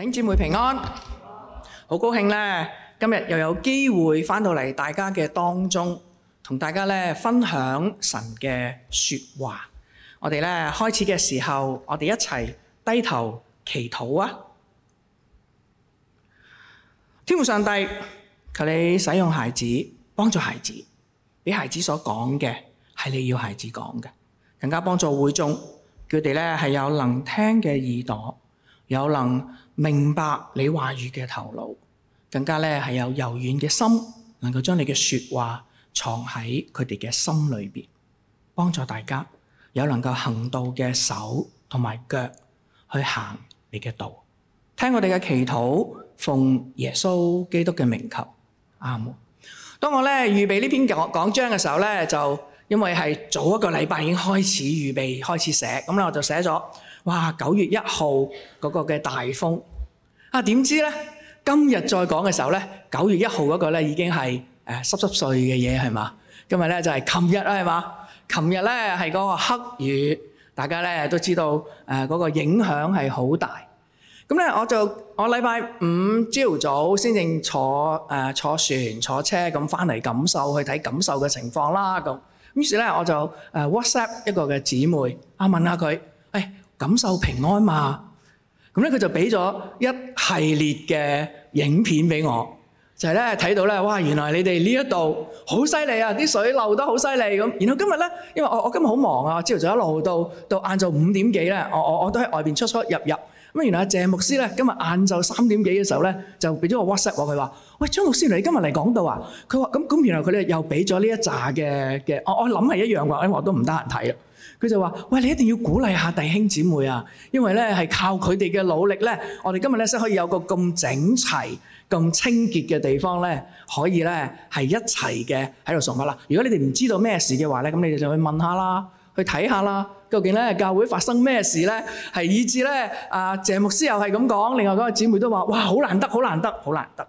請姊妹平安，好高興呢。今日又有機會翻到嚟大家嘅當中，同大家咧分享神嘅說話。我哋咧開始嘅時候，我哋一齊低頭祈禱啊！天父上帝求你使用孩子，幫助孩子，俾孩子所講嘅係你要孩子講嘅，更加幫助會眾，佢哋咧係有能聽嘅耳朵，有能。明白你話語嘅頭腦，更加係有柔軟嘅心，能夠將你嘅說話藏喺佢哋嘅心裏面，幫助大家有能夠行道嘅手同埋腳去行你嘅道。聽我哋嘅祈禱，奉耶穌基督嘅名求，阿門。當我預預備呢篇講講章嘅時候呢，就因為係早一個禮拜已經開始預備，開始寫咁我就寫咗。哇！九月一號嗰個嘅大風啊，點知咧？今日再講嘅時候咧，九月一號嗰個咧已經係誒濕濕碎嘅嘢係嘛？今日咧就係琴日啦係嘛？琴日咧係嗰個黑雨，大家咧都知道誒嗰個影響係好大。咁咧我就我禮拜五朝早先正坐誒坐船坐車咁翻嚟錦繡去睇錦繡嘅情況啦咁。於是咧我就誒 WhatsApp 一個嘅姊妹啊，問下佢誒。感受平安嘛？咁咧佢就俾咗一系列嘅影片俾我，就係咧睇到咧，哇！原來你哋呢一度好犀利啊，啲水流得好犀利咁。然後今日咧，因為我我今日好忙啊，朝頭早一路到到晏晝五點幾啦，我我我都喺外邊出出入入。咁啊，原來啊謝牧師咧，今日晏晝三點幾嘅時候咧，就俾咗個 WhatsApp 我，佢話：喂，張牧師嚟，你今日嚟講道啊？佢話：咁咁，原來佢咧又俾咗呢一揸嘅嘅，我我諗係一樣啩，因為我都唔得閒睇啊。佢就話：喂，你一定要鼓勵下弟兄姐妹啊，因為呢係靠佢哋嘅努力呢。我哋今日呢，先可以有個咁整齊、咁清潔嘅地方呢，可以呢係一齊嘅喺度崇拜啦。如果你哋唔知道咩事嘅話呢，咁你哋就去問下啦，去睇下啦，究竟呢教會發生咩事呢？係以至呢，啊，謝牧師又係咁講，另外嗰個姐妹都話：哇，好難得好難得好難得！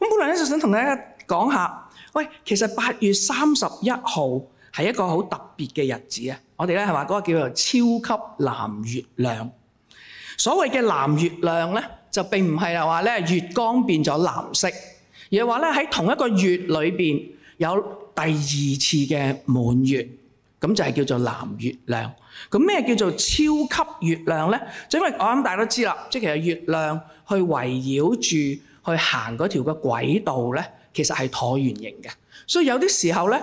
咁本來呢，就想同大家講下，喂，其實八月三十一號，係一個好特別嘅日子啊！我哋咧，係話嗰個叫做超級藍月亮。所謂嘅藍月亮咧，就並唔係又話咧月光變咗藍色，而係話咧喺同一個月裏邊有第二次嘅滿月，咁就係叫做藍月亮。咁咩叫做超級月亮咧？就因為我諗大家都知啦，即係其實月亮去圍繞住去行嗰條嘅軌道咧，其實係橢圓形嘅，所以有啲時候咧。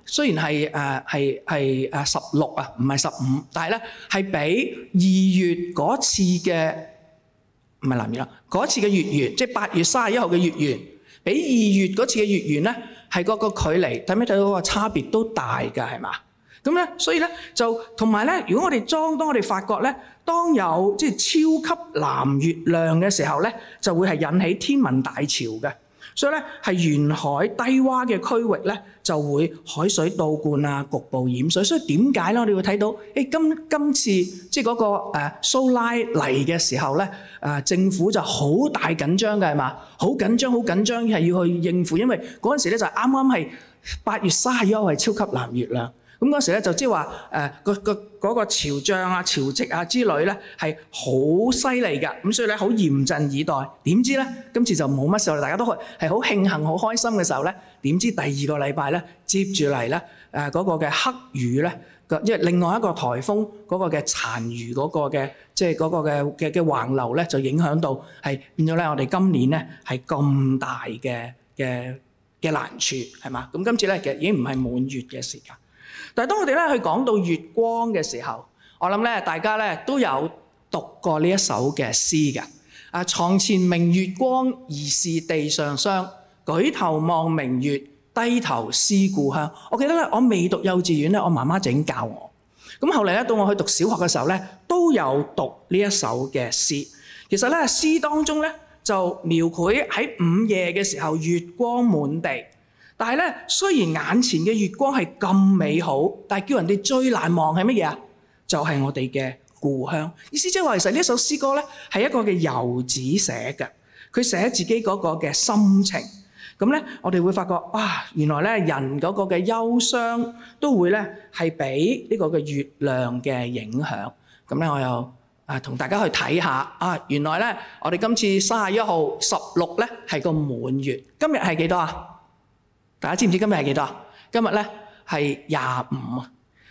雖然係誒係係誒十六啊，唔係十五，是 uh, 16, 是 15, 但係咧係比二月嗰次嘅唔係藍月咯，嗰次嘅月圓，即係八月三十一號嘅月圓，比二月嗰次嘅月圓咧，係個個距離睇唔睇到嗰個差別都大㗎，係嘛？咁咧，所以咧就同埋咧，如果我哋裝當我哋發覺咧，當有即係、就是、超級藍月亮嘅時候咧，就會係引起天文大潮嘅。所以咧係沿海低洼嘅區域咧就會海水倒灌啊，局部淹水。所以點解咧？我哋會睇到誒、欸、今今次即係、那、嗰個誒、啊、蘇拉嚟嘅時候咧，誒、啊、政府就好大緊張嘅係嘛，好緊張好緊張係要去應付，因為嗰陣時咧就啱啱係八月三十一號係超級藍月亮。咁嗰陣時咧，就即係話誒個個嗰個潮漲啊、潮汐啊之類咧，係好犀利㗎。咁所以咧，好嚴陣以待。點知咧，今次就冇乜事。大家都係係好慶幸、好開心嘅時候咧。點知第二個禮拜咧，接住嚟咧誒嗰個嘅黑雨咧，個即係另外一個颱風嗰個嘅殘餘嗰個嘅即係嗰個嘅嘅嘅橫流咧，就影響到係變咗咧。我哋今年咧係咁大嘅嘅嘅難處係嘛？咁今次咧其實已經唔係滿月嘅時間。但當當我哋去講到月光嘅時候，我諗大家都有讀過呢一首嘅詩嘅。啊，床前明月光，疑是地上霜。舉頭望明月，低頭思故鄉。我記得我未讀幼稚園，我媽媽整教我。咁後來到我去讀小學嘅時候，都有讀呢一首嘅詩。其實詩詩當中就描繪喺午夜嘅時候，月光滿地。但係咧，雖然眼前嘅月光係咁美好，但係叫人哋最難忘係乜嘢啊？就係我哋嘅故鄉。意思即係話，其實呢一首詩歌咧，係一個嘅遊子寫嘅，佢寫自己嗰個嘅心情。咁咧，我哋會發覺，哇！原來咧，人嗰個嘅憂傷都會咧係俾呢個嘅月亮嘅影響。咁咧，我又啊同大家去睇下，啊原來咧，我哋今次三十一號十六咧係個滿月，今日係幾多啊？大家知唔知今日係幾多？今日呢係廿五。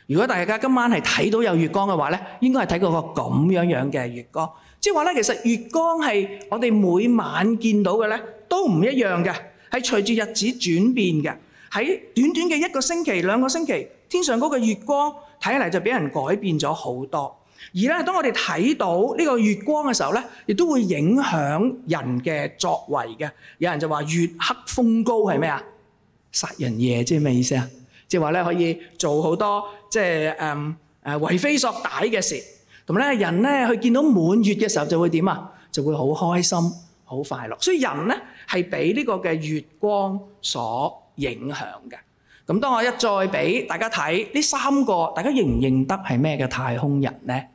如果大家今晚係睇到有月光嘅話，呢應該係睇到個咁樣樣嘅月光。即係話呢，其實月光係我哋每晚見到嘅呢都唔一樣嘅，係隨住日子轉變嘅。喺短短嘅一個星期、兩個星期，天上嗰個月光睇嚟就俾人改變咗好多。而呢，當我哋睇到呢個月光嘅時候呢，亦都會影響人嘅作為嘅。有人就話月黑風高係咩呀？殺人夜即係咩意思啊？即係話咧可以做好多即係誒誒為非作歹嘅事，同埋咧人咧去見到滿月嘅時候就會點啊？就會好開心、好快樂。所以人咧係俾呢個嘅月光所影響嘅。咁當我一再俾大家睇呢三個，大家認唔認得係咩嘅太空人咧？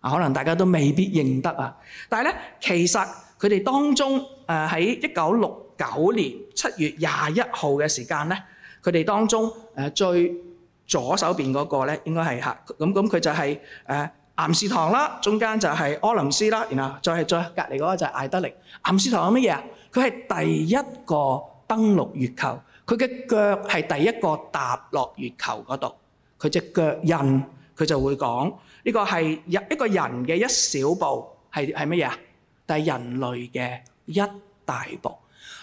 啊，可能大家都未必認得啊。但係咧，其實佢哋當中誒喺一九六九年七月廿一號嘅時間咧，佢哋當中誒最左手邊嗰個咧，應該係嚇咁咁，佢就係誒岩士唐啦。中間就係柯林斯啦，然後再係再隔籬嗰個就係艾德力。岩士唐係乜嘢啊？佢係第一個登陸月球，佢嘅腳係第一個踏落月球嗰度，佢隻腳印佢就會講呢個係一一個人嘅一小步，係係乜嘢啊？但係人類嘅一大步。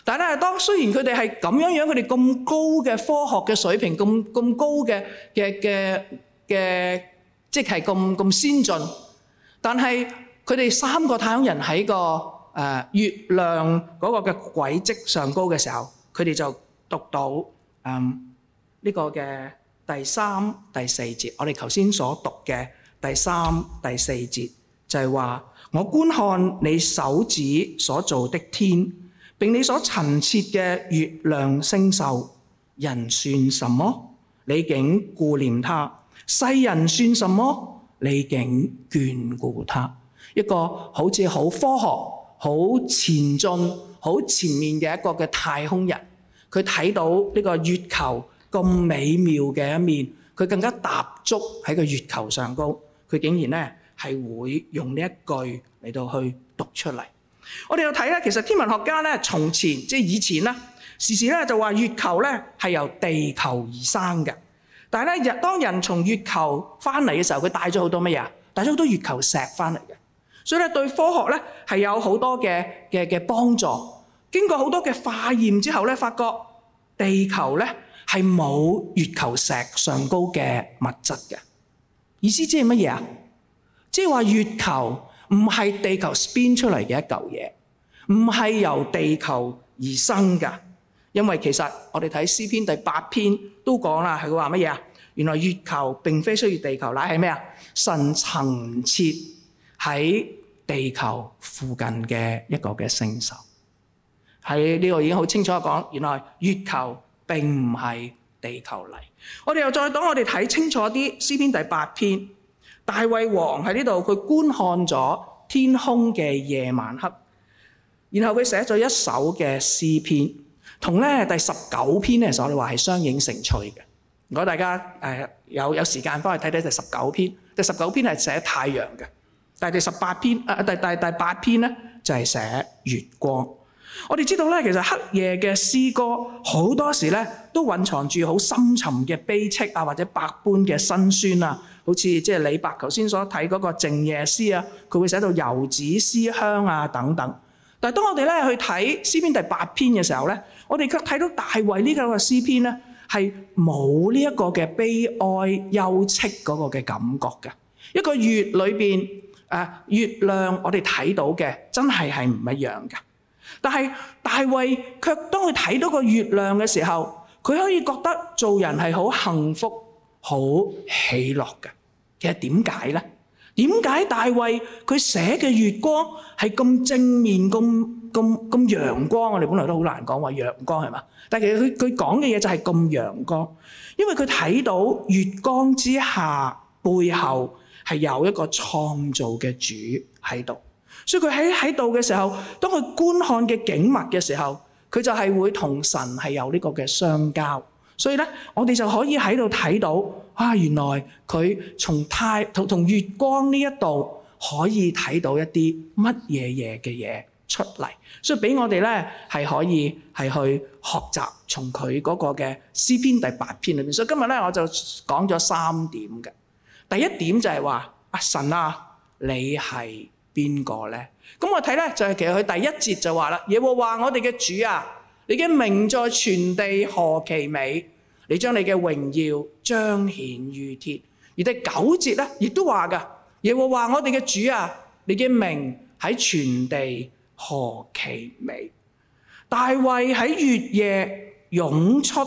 但係當雖然佢哋係咁樣樣，佢哋咁高嘅科學嘅水平，咁咁高嘅嘅嘅嘅，即係咁咁先進。但係佢哋三個太空人喺個誒月亮嗰個嘅軌跡上高嘅時候，佢哋就讀到嗯呢個嘅第三第四節，我哋頭先所讀嘅第三第四節就係話：我觀看你手指所做的天。並你所陳設嘅月亮星宿，人算什麼？你竟顧念他；世人算什麼？你竟眷顧他？一個好似好科學、好前進、好前面嘅一個嘅太空人，佢睇到呢個月球咁美妙嘅一面，佢更加踏足喺個月球上高，佢竟然呢係會用呢一句嚟到去讀出嚟。我哋要睇咧，其實天文學家咧，從前即係以前啦，時時咧就話月球咧係由地球而生嘅。但係咧，人當人從月球翻嚟嘅時候，佢帶咗好多乜嘢？帶咗好多月球石翻嚟嘅。所以咧，對科學咧係有好多嘅嘅嘅幫助。經過好多嘅化驗之後咧，發覺地球咧係冇月球石上高嘅物質嘅。意思即係乜嘢啊？即係話月球。唔係地球 spin 出嚟嘅一嚿嘢，唔係由地球而生噶。因為其實我哋睇詩篇第八篇都講啦，係佢話乜嘢啊？原來月球並非需要地球，乃係咩啊？神層設喺地球附近嘅一個嘅星宿。喺呢個已經好清楚講，原來月球並唔係地球嚟。我哋又再等我哋睇清楚啲詩篇第八篇。大衛王喺呢度，佢觀看咗天空嘅夜晚黑，然後佢寫咗一首嘅詩篇，同呢第十九篇咧，其實我哋話係相映成趣嘅。如果大家、呃、有，有時間翻去睇睇第十九篇，第十九篇係寫太陽嘅，但係第十八篇、啊、第第，第八篇呢就係、是、寫月光。我哋知道咧，其實黑夜嘅詩歌好多時咧，都隱藏住好深沉嘅悲戚啊，或者百般嘅辛酸啊。好似即係李白頭先所睇嗰個靜夜詩啊，佢會寫到遊子思鄉啊等等。但係當我哋咧去睇詩篇第八篇嘅時候咧，我哋卻睇到大衛呢個嘅詩篇咧係冇呢一個嘅悲哀憂戚嗰個嘅感覺嘅。一個月裏面，啊，月亮我哋睇到嘅真係係唔一樣嘅。但係大衛卻當佢睇到個月亮嘅時候，佢可以覺得做人係好幸福、好喜樂嘅。其實點解呢？點解大衛佢寫嘅月光係咁正面、咁咁咁陽光？我哋本來都好難講話陽光係嘛。但係其實佢佢講嘅嘢就係咁陽光，因為佢睇到月光之下背後係有一個創造嘅主喺度。所以佢喺喺度嘅時候，當佢觀看嘅景物嘅時候，佢就係會同神係有呢個嘅相交。所以咧，我哋就可以喺度睇到啊，原來佢從太同同月光呢一度可以睇到一啲乜嘢嘢嘅嘢出嚟。所以俾我哋咧係可以係去學習從佢嗰個嘅詩篇第八篇裏面。所以今日咧，我就講咗三點嘅，第一點就係話啊神啊，你係。邊個呢？咁我睇呢，就係、是、其實佢第一節就話啦，耶和華我哋嘅主啊，你嘅名在全地何其美，你將你嘅榮耀彰顯於天。而第九節呢，亦都話噶，耶和華我哋嘅主啊，你嘅名喺全地何其美，大衛喺月夜湧出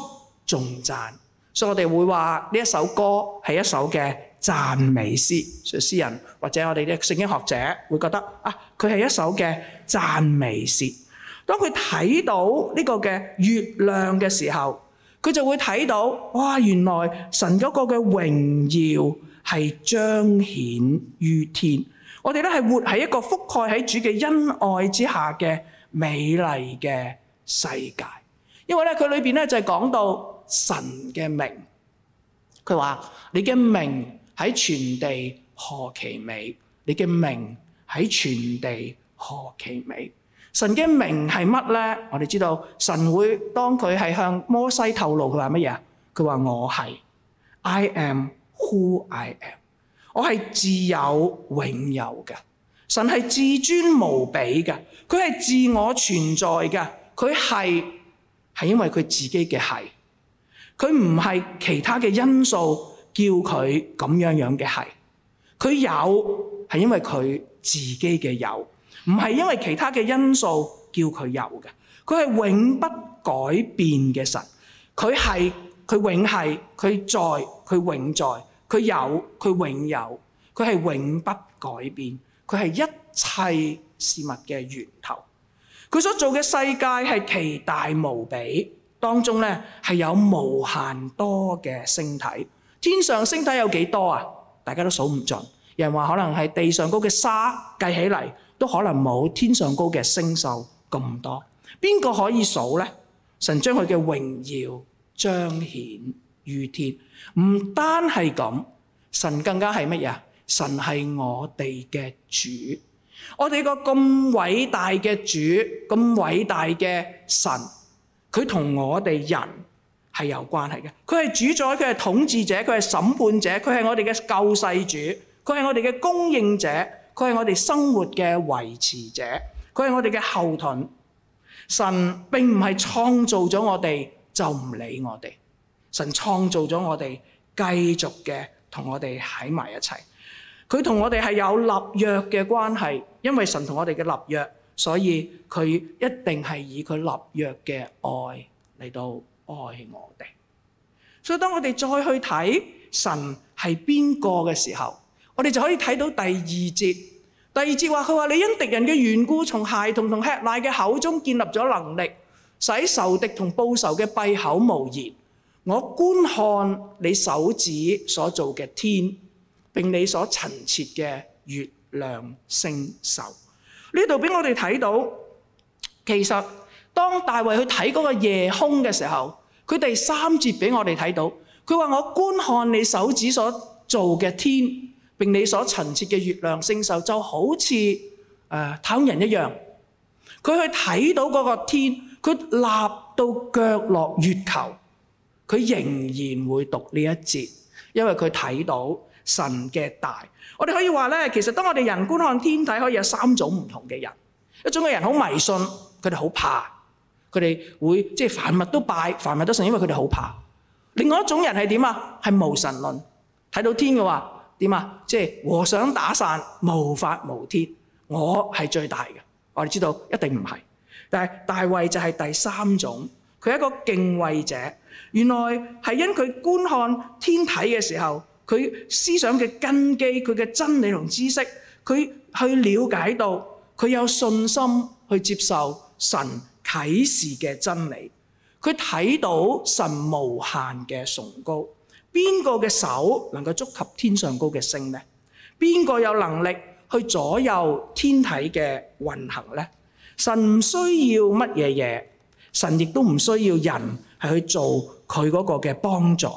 頌讚。所以我哋會話呢一首歌係一首嘅。讚美詩，所以詩人或者我哋啲聖經學者會覺得啊，佢係一首嘅讚美詩。當佢睇到呢個嘅月亮嘅時候，佢就會睇到哇，原來神嗰個嘅榮耀係彰顯於天。我哋咧係活喺一個覆蓋喺主嘅恩愛之下嘅美麗嘅世界。因為咧佢裏邊咧就係講到神嘅名，佢話你嘅名。喺全地何其美，你嘅名喺全地何其美。神嘅名係乜咧？我哋知道神會當佢係向摩西透露，佢話乜嘢啊？佢話我係，I am who I am。我係自有永有嘅，神係至尊無比嘅，佢係自我存在嘅，佢係係因為佢自己嘅係，佢唔係其他嘅因素。叫佢咁樣樣嘅係，佢有係因為佢自己嘅有，唔係因為其他嘅因素叫佢有嘅。佢係永不改變嘅神，佢係，佢永係，佢在，佢永在，佢有，佢永有，佢係永不改變，佢係一切事物嘅源頭。佢所做嘅世界係奇大無比，當中咧係有無限多嘅星體。天上星體有幾多啊？大家都數唔盡。人話可能係地上高嘅沙計起嚟，都可能冇天上高嘅星宿咁多。邊個可以數呢？神將佢嘅榮耀彰顯於天。唔單係咁，神更加係乜嘢？神係我哋嘅主。我哋個咁偉大嘅主，咁偉大嘅神，佢同我哋人係有關係嘅，佢係主宰，佢係統治者，佢係審判者，佢係我哋嘅救世主，佢係我哋嘅供應者，佢係我哋生活嘅維持者，佢係我哋嘅後盾。神並唔係創造咗我哋就唔理我哋，神創造咗我哋，繼續嘅同我哋喺埋一齊。佢同我哋係有立約嘅關係，因為神同我哋嘅立約，所以佢一定係以佢立約嘅愛嚟到愛我哋，所以當我哋再去睇神係邊個嘅時候，我哋就可以睇到第二節。第二節話佢話，你因敵人嘅緣故，從孩童同吃奶嘅口中建立咗能力，使仇敵同報仇嘅閉口無言。我觀看你手指所做嘅天，並你所陳設嘅月亮星宿。呢度俾我哋睇到，其實，當大衛去睇嗰個夜空嘅時候，佢第三節俾我哋睇到，佢話，我觀看你手指所做嘅天，並你所陳設嘅月亮星宿，就好似誒，太空人一樣。佢去睇到嗰個天，佢立到腳落月球，佢仍然會讀呢一節，因為佢睇到神嘅大。我哋可以話咧，其實當我哋人觀看天體，可以有三種唔同嘅人，一種嘅人好迷信，佢哋好怕。佢哋會即係、就是、凡物都拜，凡物都信，因為佢哋好怕。另外一種人係點啊？係無神論，睇到天嘅話點啊？即係、就是、和尚打傘，無法無天，我係最大嘅。我哋知道一定唔係，但係大衛就係第三種，佢係一個敬畏者。原來係因佢觀看天體嘅時候，佢思想嘅根基，佢嘅真理同知識，佢去了解到佢有信心去接受神。啟示嘅真理，佢睇到神無限嘅崇高，邊個嘅手能夠觸及天上高嘅星呢？邊個有能力去左右天體嘅運行呢？神唔需要乜嘢嘢，神亦都唔需要人係去做佢嗰個嘅幫助，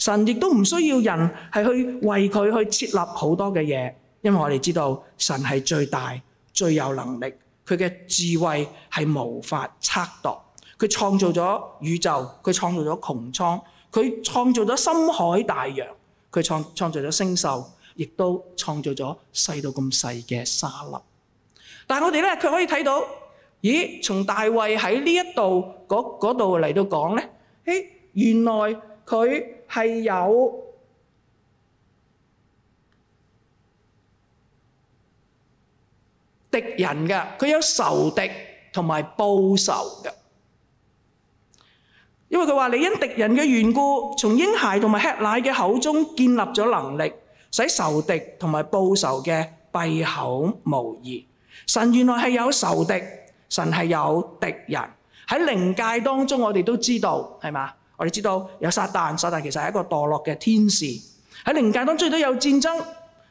神亦都唔需要人係去為佢去設立好多嘅嘢，因為我哋知道神係最大最有能力，佢嘅智慧係無法測度，佢創造咗宇宙，佢創造咗穹蒼，佢創造咗深海大洋，佢創創造咗星宿，亦都創造咗細到咁細嘅沙粒。但係我哋咧，佢可以睇到，咦？從大衛喺呢一度嗰嗰度嚟到講咧，嘿，原來佢係有。敵人噶，佢有仇敵同埋報仇噶，因為佢話，你因敵人嘅緣故，從嬰孩同埋吃奶嘅口中建立咗能力，使仇敵同埋報仇嘅閉口無言。神原來係有仇敵，神係有敵人喺靈界當中，我哋都知道係嘛？我哋知道有撒旦，撒旦其實係一個墮落嘅天使。喺靈界當中都有戰爭，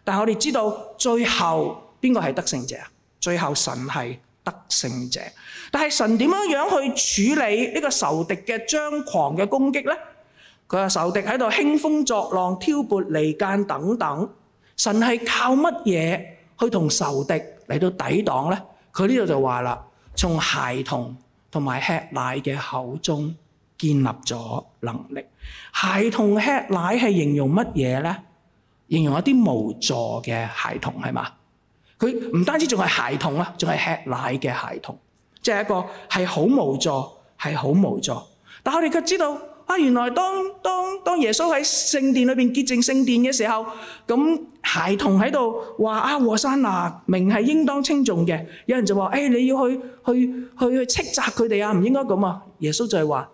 但我哋知道最後邊個係得勝者啊？最後神係得勝者，但係神點樣樣去處理呢個仇敵嘅張狂嘅攻擊呢？佢個仇敵喺度興風作浪、挑撥離間等等，神係靠乜嘢去同仇敵嚟到抵擋呢？佢呢度就話啦，從孩童同埋吃奶嘅口中建立咗能力。孩童吃奶係形容乜嘢呢？形容一啲無助嘅孩童係嘛？是佢唔單止仲係孩童啊，仲係吃奶嘅孩童，即係、就是、一個係好無助，係好無助。但我哋卻知道啊，原來當當當耶穌喺聖殿裏邊潔淨聖殿嘅時候，咁孩童喺度話啊，和散那啊，名係應當稱頌嘅。有人就話，誒、哎、你要去去去，去斥責佢哋啊，唔應該咁啊！耶穌就係話，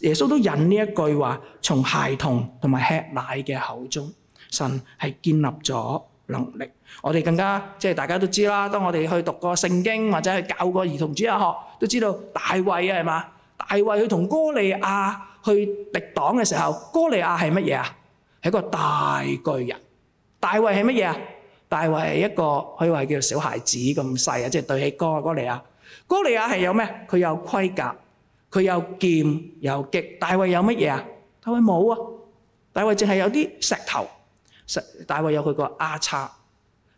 耶穌都引呢一句話，從孩童同埋吃奶嘅口中，神係建立咗能力。我哋更加即係大家都知啦。當我哋去讀過聖經或者去教過兒童主日學，都知道大衛啊，係嘛？大衛去同哥利亞去敵擋嘅時候，哥利亞係乜嘢啊？係一個大巨人。大衛係乜嘢啊？大衛係一個佢話叫小孩子咁細啊，即係對起哥哥利亞。哥利亞係有咩？佢有盔甲，佢有劍有戟。大衛有乜嘢啊？大衛冇啊。大衛淨係有啲石頭石。大衛有佢個阿叉。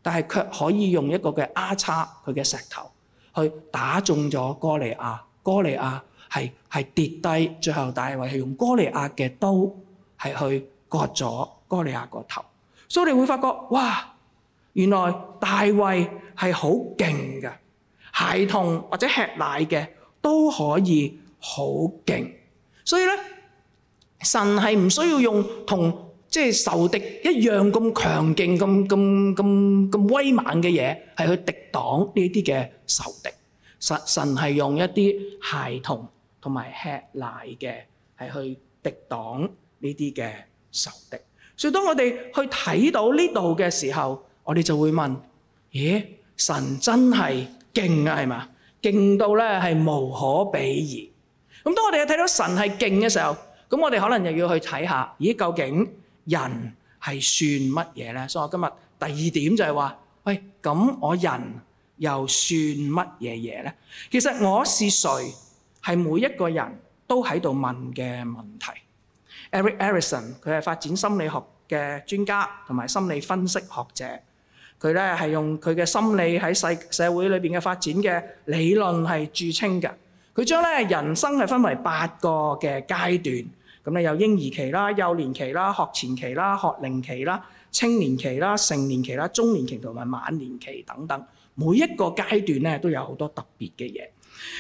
但係卻可以用一個嘅丫叉佢嘅石頭去打中咗哥利亞，哥利亞係係跌低，最後大衛係用哥利亞嘅刀係去割咗哥利亞個頭，所以你會發覺哇，原來大衛係好勁嘅。孩童或者吃奶嘅都可以好勁，所以咧神係唔需要用同。即係仇敵一樣咁強勁、咁咁咁咁威猛嘅嘢，係去敵擋呢啲嘅仇敵。神神係用一啲孩童同埋吃奶嘅，係去敵擋呢啲嘅仇敵。所以當我哋去睇到呢度嘅時候，我哋就會問，咦，神真係勁啊，係嘛？勁到咧係無可比擬。咁當我哋去睇到神係勁嘅時候，咁我哋可能就要去睇下，咦，究竟？人係算乜嘢呢？所以我今日第二點就係話：喂，咁我人又算乜嘢嘢呢？其實我是誰，係每一個人都喺度問嘅問題。Erik Erikson 佢係發展心理學嘅專家同埋心理分析學者，佢呢係用佢嘅心理喺世社會裏邊嘅發展嘅理論係著稱嘅。佢將呢人生係分為八個嘅階段。咁咧有嬰兒期啦、幼年期啦、學前期啦、學齡期啦、青年期啦、成年期啦、中年期同埋晚年期等等，每一個階段咧都有好多特別嘅嘢。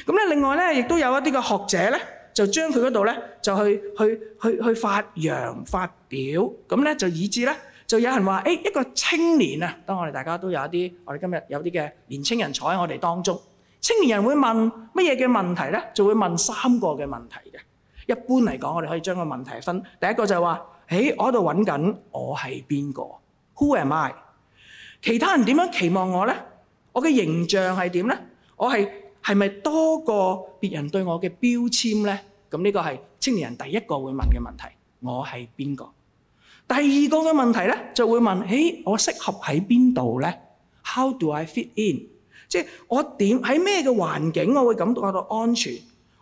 咁咧另外咧，亦都有一啲嘅學者咧，就將佢嗰度咧，就去去去去發揚發表。咁咧就以致咧，就有人話：誒、欸、一個青年啊，當我哋大家都有一啲，我哋今日有啲嘅年輕人坐喺我哋當中，青年人會問乜嘢嘅問題咧？就會問三個嘅問題嘅。一般嚟講，我哋可以將個問題分，第一個就係話：，誒，我喺度揾緊，我係邊個？Who am I？其他人點樣期望我呢？我嘅形象係點呢？我係係咪多過別人對我嘅標籤呢？咁呢個係青年人第一個會問嘅問題：，我係邊個？第二個嘅問題呢，就會問：，誒，我適合喺邊度呢？How do I fit in？即係我點喺咩嘅環境我會感到感到安全？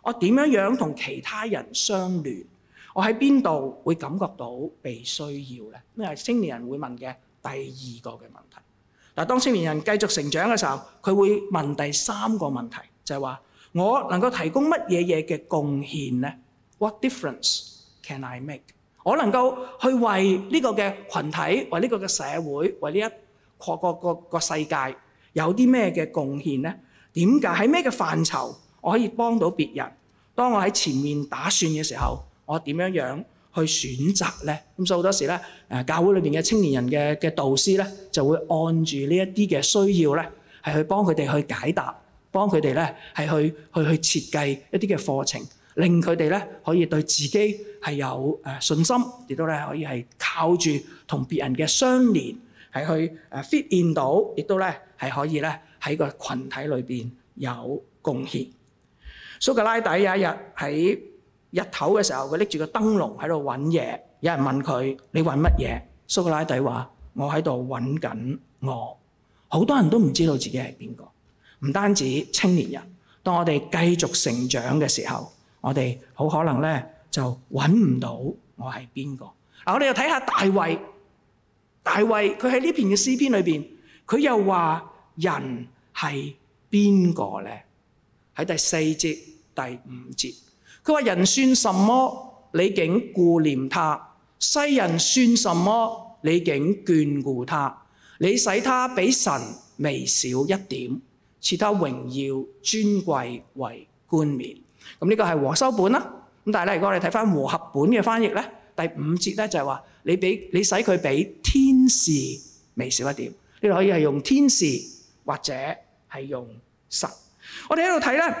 我點樣樣同其他人相聯？我喺邊度會感覺到被需要呢？呢個係青年人會問嘅第二個嘅問題。嗱，當青年人繼續成長嘅時候，佢會問第三個問題，就係話我能夠提供乜嘢嘢嘅貢獻呢？What difference can I make？我能夠去為呢個嘅群體、為呢個嘅社會、為呢一個個個世界有啲咩嘅貢獻呢？點解喺咩嘅範疇？我可以幫到別人。當我喺前面打算嘅時候，我點樣樣去選擇呢？咁所以好多時呢，教會裏面嘅青年人嘅嘅導師咧，就會按住呢一啲嘅需要呢，係去幫佢哋去解答，幫佢哋呢，係去去去設計一啲嘅課程，令佢哋呢，可以對自己係有誒信心，亦都咧可以係靠住同別人嘅相連係去誒 fit in 到，亦都咧係可以咧喺個群體裏邊有貢獻。蘇格拉底有一日喺日頭嘅時候，佢拎住個燈籠喺度揾嘢。有人問佢：你揾乜嘢？蘇格拉底話：我喺度揾緊我。好多人都唔知道自己係邊個，唔單止青年人。當我哋繼續成長嘅時候，我哋好可能咧就揾唔到我係邊個。嗱，我哋又睇下大衛。大衛佢喺呢篇嘅詩篇裏面，佢又話：人係邊個呢？喺第四節第五節，佢話：人算什麼，你竟顧念他；世人算什麼，你竟眷顧他？你使他比神微少一點，賜他榮耀尊貴為冠冕。嗯。這呢個係和修本啦、啊。咁但係咧，如果我哋睇返和合本嘅翻譯呢，第五節呢就係、是、話：你比你使佢比天使微少一點。你可以係用天使或者係用神。我哋喺度睇咧，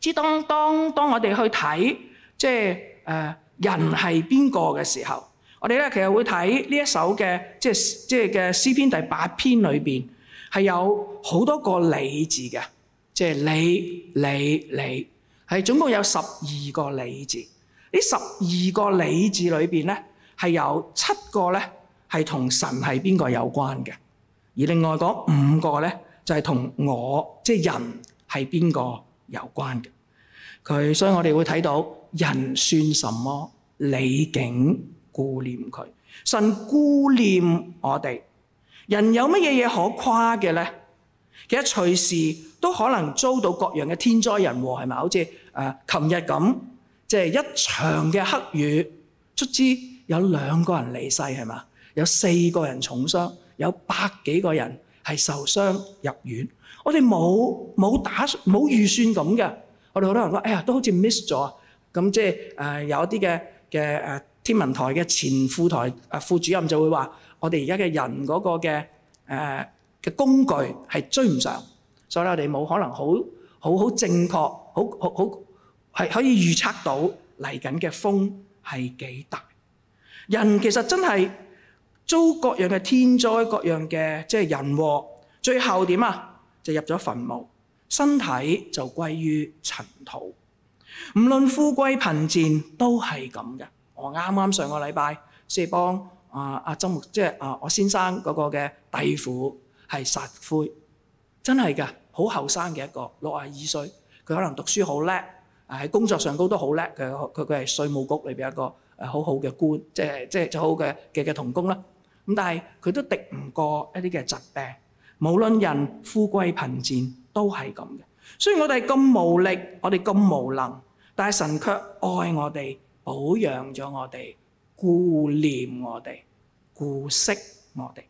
即當當當我哋去睇，即係誒、呃、人係邊個嘅時候，我哋咧其實會睇呢一首嘅，即係即係嘅詩篇第八篇裏邊係有好多個祢字嘅，即係祢祢祢係總共有十二個祢字。呢十二個祢字裏邊咧係有七個咧係同神係邊個有關嘅，而另外嗰五個咧。就係同我即係、就是、人係邊個有關嘅？佢，所以我哋會睇到人算什麼？你竟顧念佢？神顧念我哋。人有乜嘢嘢可誇嘅咧？其實隨時都可能遭到各樣嘅天災人禍，係咪？好似誒琴日咁，即、就、係、是、一場嘅黑雨，卒之有兩個人離世，係嘛？有四個人重傷，有百幾個人，係受傷入院，我哋冇冇打算冇預算咁嘅。我哋好多人話，哎呀，都好似 miss 咗啊。咁即係誒有一啲嘅嘅誒天文台嘅前副台啊副主任就會話，我哋而家嘅人嗰個嘅誒嘅工具係追唔上，所以咧我哋冇可能好好好正確好好好係可以預測到嚟緊嘅風係幾大。人其實真係。遭各樣嘅天災，各樣嘅即係人禍，最後點啊？就入咗墳墓，身體就歸於塵土。唔論富貴貧賤都係咁嘅。我啱啱上個禮拜先幫啊啊曾木，即係啊我先生嗰個嘅弟婦係殺灰，真係嘅，好後生嘅一個，六廿二歲。佢可能讀書好叻，喺工作上高都好叻。佢佢佢係稅務局裏邊一個誒好好嘅官，即係即係最好嘅嘅嘅同工啦。咁但係佢都敵唔過一啲嘅疾病，無論人富貴貧賤都係咁嘅。雖然我哋咁無力，我哋咁無能，但係神卻愛我哋，保養咗我哋，顧念我哋，顧惜我哋。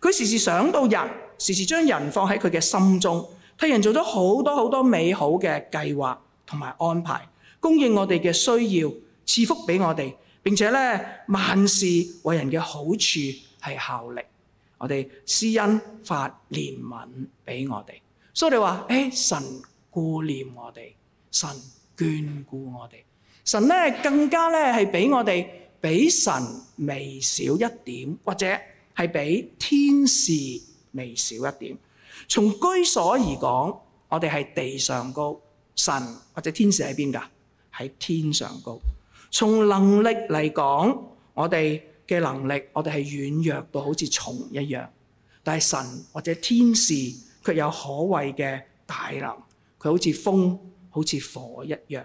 佢時時想到人，時時將人放喺佢嘅心中，替人做咗好多好多美好嘅計劃同埋安排，供應我哋嘅需要，賜福俾我哋。並且咧，萬事為人嘅好處。係效力，我哋施恩發憐憫俾我哋，所以你話誒、哎，神顧念我哋，神眷顧我哋，神咧更加咧係俾我哋比神微小一點，或者係俾天使微小一點。從居所而講，我哋係地上高，神或者天使喺邊噶？喺天上高。從能力嚟講，我哋。嘅能力，我哋係軟弱到好似蟲一樣，但係神或者天使卻有可畏嘅大能，佢好似風好似火一樣。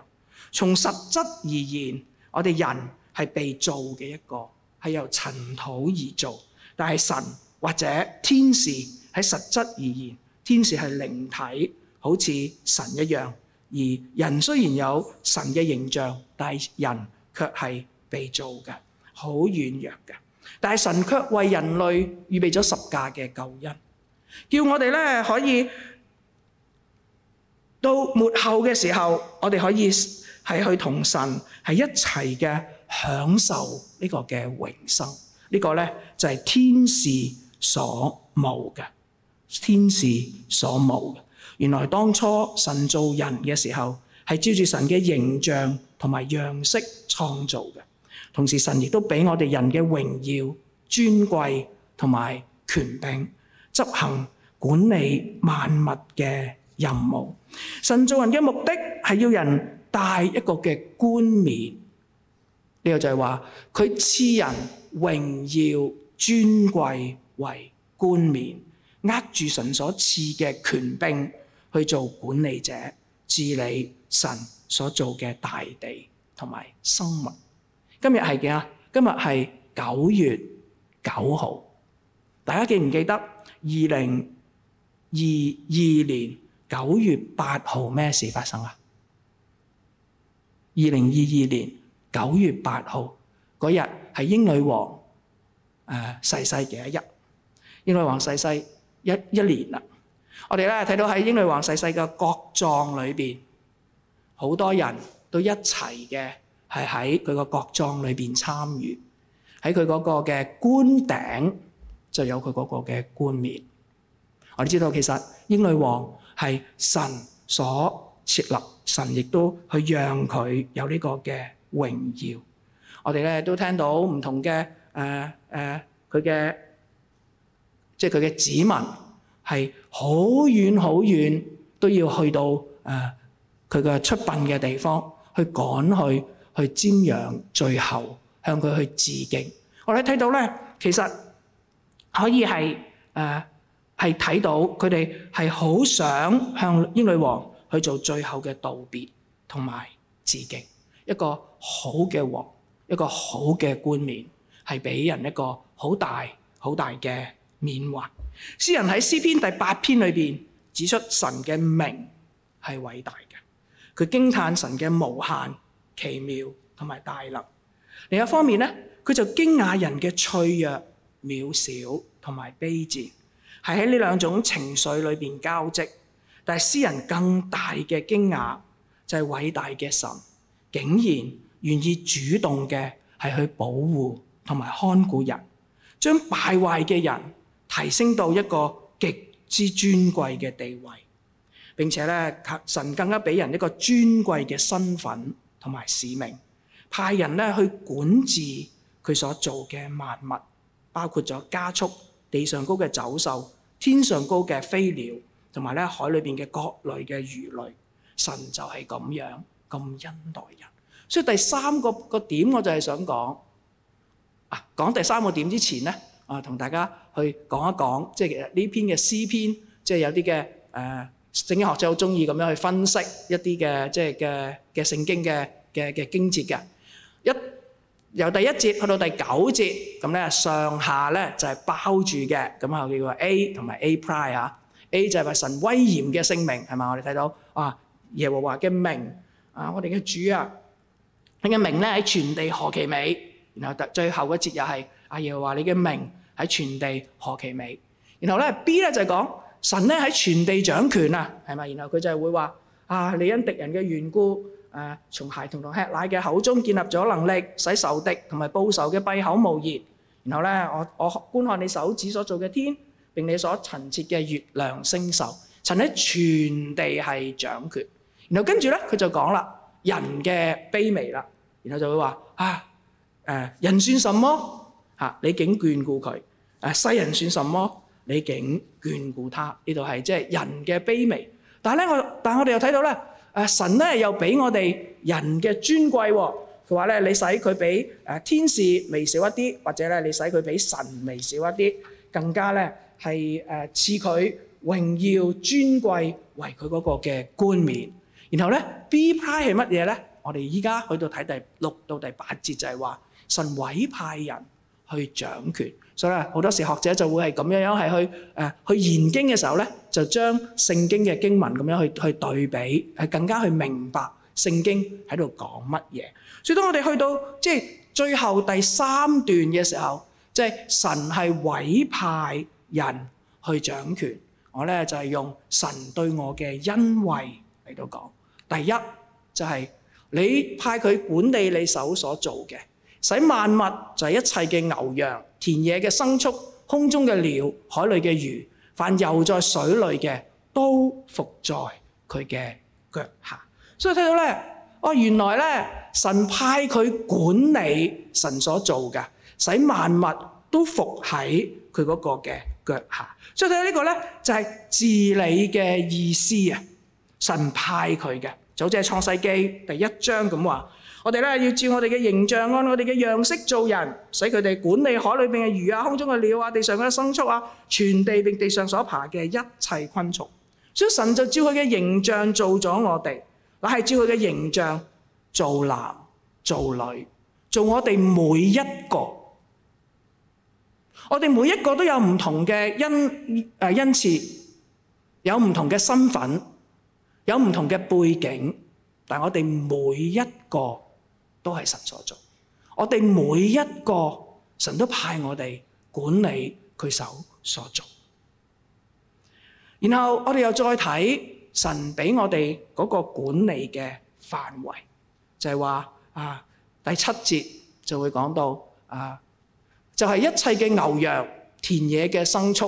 從實質而言，我哋人係被造嘅一個，係由塵土而造；但係神或者天使喺實質而言，天使係靈體好似神一樣，而人雖然有神嘅形象，但係人卻係被造嘅。好軟弱嘅，但係神卻為人類預備咗十架嘅救恩，叫我哋咧可以到末後嘅時候，我哋可以係去同神係一齊嘅享受呢個嘅永生。這個、呢個咧就係、是、天使所冇嘅，天使所冇嘅。原來當初神造人嘅時候，係照住神嘅形象同埋樣式創造嘅。同時，神亦都畀我哋人嘅榮耀、尊貴同埋權柄，執行管理萬物嘅任務。神造人嘅目的係要人戴一個嘅冠冕，呢個就係話佢賜人榮耀、尊貴為冠冕，握住神所賜嘅權柄去做管理者，治理神所造嘅大地同埋生物。今日係嘅啊！今日係九月九號，大家記唔記得二零二二年九月八號咩事發生啊？二零二二年九月八號嗰日係英女王誒逝世嘅一日，英女王逝世一一年啦。我哋咧睇到喺英女王逝世嘅國葬裏面，好多人都一齊嘅。係喺佢個國葬裏邊參與，喺佢嗰個嘅棺頂就有佢嗰個嘅冠冕。我哋知道其實英女王係神所設立，神亦都去讓佢有呢個嘅榮耀。我哋咧都聽到唔同嘅誒誒佢嘅，即係佢嘅子民係好遠好遠都要去到誒佢嘅出殯嘅地方去趕去。去瞻仰最後向佢去致敬，我哋睇到咧，其實可以係誒係睇到佢哋係好想向英女王去做最後嘅道別同埋致敬，一個好嘅王，一個好嘅冠冕，係俾人一個好大好大嘅緬懷。詩人喺詩篇第八篇裏面指出神嘅名係偉大嘅，佢驚嘆神嘅無限。奇妙同埋大能，另一方面呢，佢就驚訝人嘅脆弱、渺小同埋卑賤，係喺呢兩種情緒裏面交織，但係詩人更大嘅驚訝就係、是、偉大嘅神竟然願意主動嘅係去保護同埋看顧人，將敗壞嘅人提升到一個極之尊貴嘅地位。並且咧，神更加俾人一個尊貴嘅身份。同埋使命，派人咧去管治佢所做嘅萬物，包括咗家畜、地上高嘅走獸、天上高嘅飛鳥，同埋咧海裏邊嘅各類嘅魚類。神就係咁樣咁恩待人。所以第三個個點，我就係想講啊，講第三個點之前咧，啊，同大家去講一講，即係其實呢篇嘅詩篇，即係有啲嘅誒。聖經學者好中意咁樣去分析一啲嘅即係嘅嘅聖經嘅嘅嘅經節嘅，一由第一節去到，到第九節，咁咧上下咧就係、是、包住嘅，咁啊叫做 A 同埋 A prime 嚇，A 就係話神威嚴嘅聖名。係嘛？我哋睇到啊耶和華嘅名啊，我哋嘅主啊，佢嘅名咧喺全地何其美，然後第最後一節又係阿耶和華你嘅名喺全地何其美，然後咧 B 咧就係講。神咧喺全地掌權啊，係嘛？然後佢就係會話啊，你因敵人嘅緣故，誒，從孩童同吃奶嘅口中建立咗能力，使仇敵同埋報仇嘅閉口無言。然後咧，我我觀看你手指所做嘅天，並你所陳設嘅月亮星宿，神喺全地係掌權。然後跟住咧，佢就講啦，人嘅卑微啦，然後就會話啊，誒，人算什麼？嚇，你竟眷顧佢？誒，世人算什麼？你竟眷顧他？呢度係即係人嘅卑微。但係咧，我但係我哋又睇到咧，誒、啊、神咧又俾我哋人嘅尊貴、哦。佢話咧，你使佢比誒、啊、天使微少一啲，或者咧你使佢比神微少一啲，更加咧係誒賜佢榮耀尊貴為佢嗰個嘅冠冕。然後咧，be 派係乜嘢咧？我哋依家去到睇第六到第八節就係話神委派人去掌權。所以咧，好多時學者就會係咁樣樣係去誒去研經嘅時候咧，就將聖經嘅經文咁樣去去對比，係更加去明白聖經喺度講乜嘢。所以當我哋去到即係最後第三段嘅時候，即係神係委派人去掌權，我咧就係用神對我嘅恩惠嚟到講。第一就係你派佢管理你手所做嘅。使萬物就係一切嘅牛羊、田野嘅牲畜、空中嘅鳥、海裡嘅魚，凡游在水裡嘅都伏在佢嘅腳下。所以睇到咧，哦，原來咧神派佢管理神所做嘅，使萬物都伏喺佢嗰個嘅腳下。所以睇到呢個咧就係治理嘅意思啊！神派佢嘅，就好似係創世記第一章咁話。我哋呢要照我哋嘅形象，按我哋嘅樣式做人，使佢哋管理海裡邊嘅魚啊，空中嘅鳥啊，地上嘅牲畜啊，全地並地上所爬嘅一切昆蟲。所以神就照佢嘅形象做咗我哋，乃係照佢嘅形象做男做女，做我哋每一個。我哋每一個都有唔同嘅恩，呃，恩賜有唔同嘅身份，有唔同嘅背景，但係我哋每一個。都係神所做，我哋每一個神都派我哋管理佢手所做。然後我哋又再睇神俾我哋嗰個管理嘅範圍，就係話啊，第七節就會講到啊，就係一切嘅牛羊、田野嘅牲畜，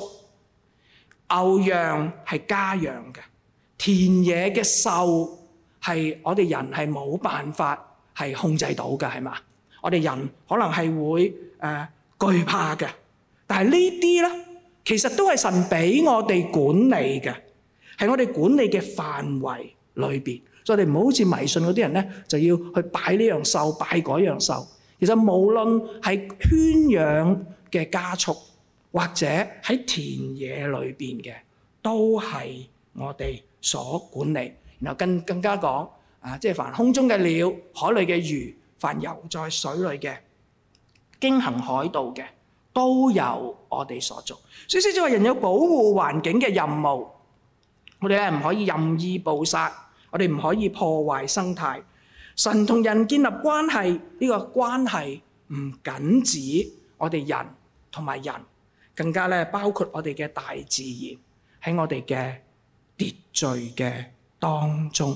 牛羊係家養嘅，田野嘅獸係我哋人係冇辦法。係控制到嘅，係嘛？我哋人可能係會誒懼怕嘅，但係呢啲咧，其實都係神俾我哋管理嘅，係我哋管理嘅範圍裏邊。所以我哋唔好好似迷信嗰啲人咧，就要去拜呢樣獸，拜嗰樣獸。其實無論係圈養嘅家畜，或者喺田野裏邊嘅，都係我哋所管理。然後更更加講。啊！即係凡空中嘅鳥、海裡嘅魚、凡遊在水裡嘅、經行海道嘅，都有我哋所做。所以先至話人有保護環境嘅任務。我哋咧唔可以任意捕殺，我哋唔可以破壞生態。神同人建立關係，呢個關係唔僅止我哋人同埋人，更加咧包括我哋嘅大自然喺我哋嘅秩序嘅當中。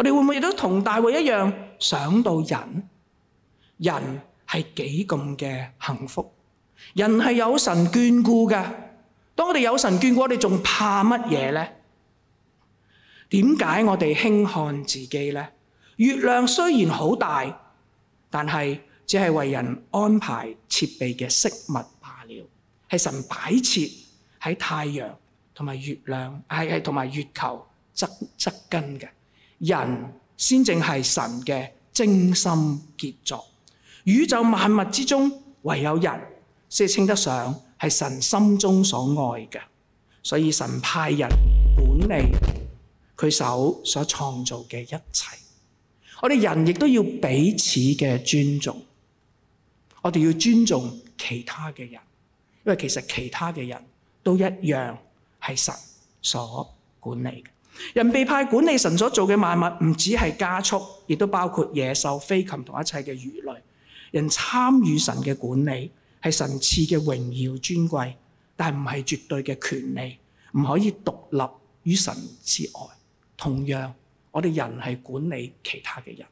我哋會唔會亦都同大衛一樣想到人？人係幾咁嘅幸福？人係有神眷顧嘅。當我哋有神眷顧，我哋仲怕乜嘢呢？點解我哋輕看自己呢？月亮雖然好大，但係只係為人安排設備嘅飾物罷了。係神擺設喺太陽同埋月亮，係係同埋月球側側根嘅。人先正係神嘅精心傑作，宇宙萬物之中，唯有人先稱得上是神心中所愛嘅，所以神派人管理佢手所創造嘅一切。我哋人亦都要彼此嘅尊重，我哋要尊重其他嘅人，因為其實其他嘅人都一樣是神所管理的。人被派管理神所做嘅萬物，不止家畜，唔只係家畜，亦都包括野獸、飛禽同一切嘅魚類。人參與神嘅管理，係神賜嘅榮耀尊貴，但係唔係絕對嘅權利，唔可以獨立於神之外。同樣，我哋人係管理其他嘅人，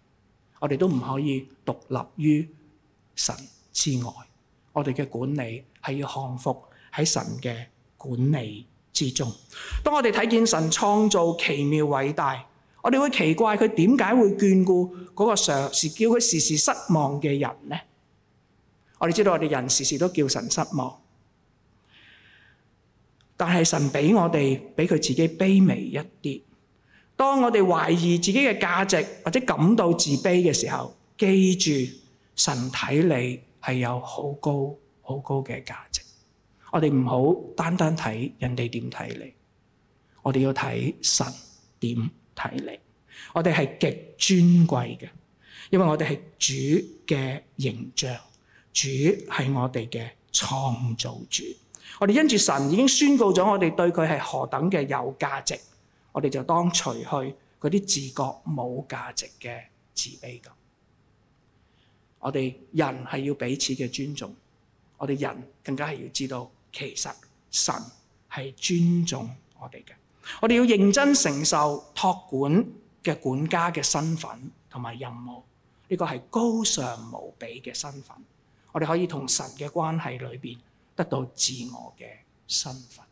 我哋都唔可以獨立於神之外。我哋嘅管理係要降服喺神嘅管理。之當我哋睇見神創造奇妙偉大，我哋會奇怪佢點解會眷顧嗰個常時叫佢時時失望嘅人呢？我哋知道我哋人時時都叫神失望，但係神俾我哋比佢自己卑微一啲。當我哋懷疑自己嘅價值或者感到自卑嘅時候，記住神睇你係有好高好高嘅價值。我哋唔好單單睇人哋點睇你，我哋要睇神點睇你。我哋係極尊貴嘅，因為我哋係主嘅形象，主係我哋嘅創造主。我哋因住神已經宣告咗我哋對佢係何等嘅有價值，我哋就當除去嗰啲自覺冇價值嘅自卑感。我哋人係要彼此嘅尊重，我哋人更加係要知道。其實神係尊重我哋嘅，我哋要認真承受託管嘅管家嘅身份同埋任務。呢個係高尚無比嘅身份，我哋可以同神嘅關係裏邊得到自我嘅身份。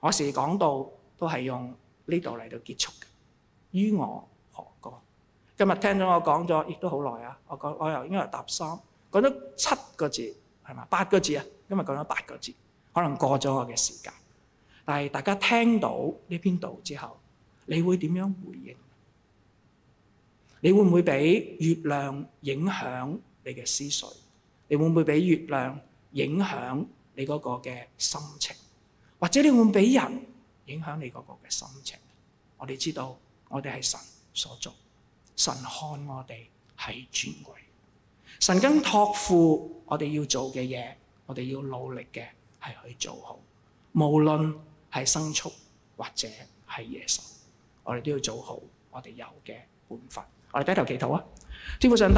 我時時講到都係用呢度嚟到結束嘅。於我何過，今日聽咗我講咗亦都好耐啊。我講我又應該係搭三講咗七個字係嘛？八個字啊！今日講咗八個字。可能過咗我嘅時間，但係大家聽到呢篇道之後，你會點樣回應？你會唔會俾月亮影響你嘅思緒？你會唔會俾月亮影響你嗰個嘅心情？或者你會唔會俾人影響你嗰個嘅心情？我哋知道，我哋係神所造，神看我哋係尊貴，神跟託付我哋要做嘅嘢，我哋要努力嘅。係去做好，無論係牲畜或者係野獸，我哋都要做好我哋有嘅本分。我哋低頭祈禱啊！天父上帝，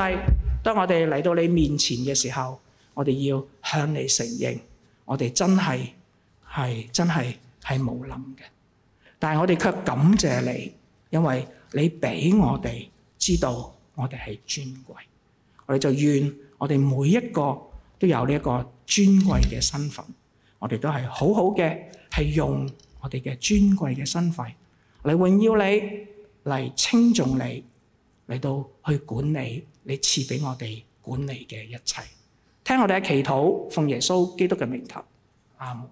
當我哋嚟到你面前嘅時候，我哋要向你承認，我哋真係係真係係冇諗嘅，但係我哋卻感謝你，因為你俾我哋知道我哋係尊貴。我哋就願我哋每一個都有呢一個尊貴嘅身份。我哋都係好好嘅，係用我哋嘅尊貴嘅身份嚟榮耀你，嚟尊重你，嚟到去管理你賜俾我哋管理嘅一切。聽我哋嘅祈禱，奉耶穌基督嘅名頭，阿門。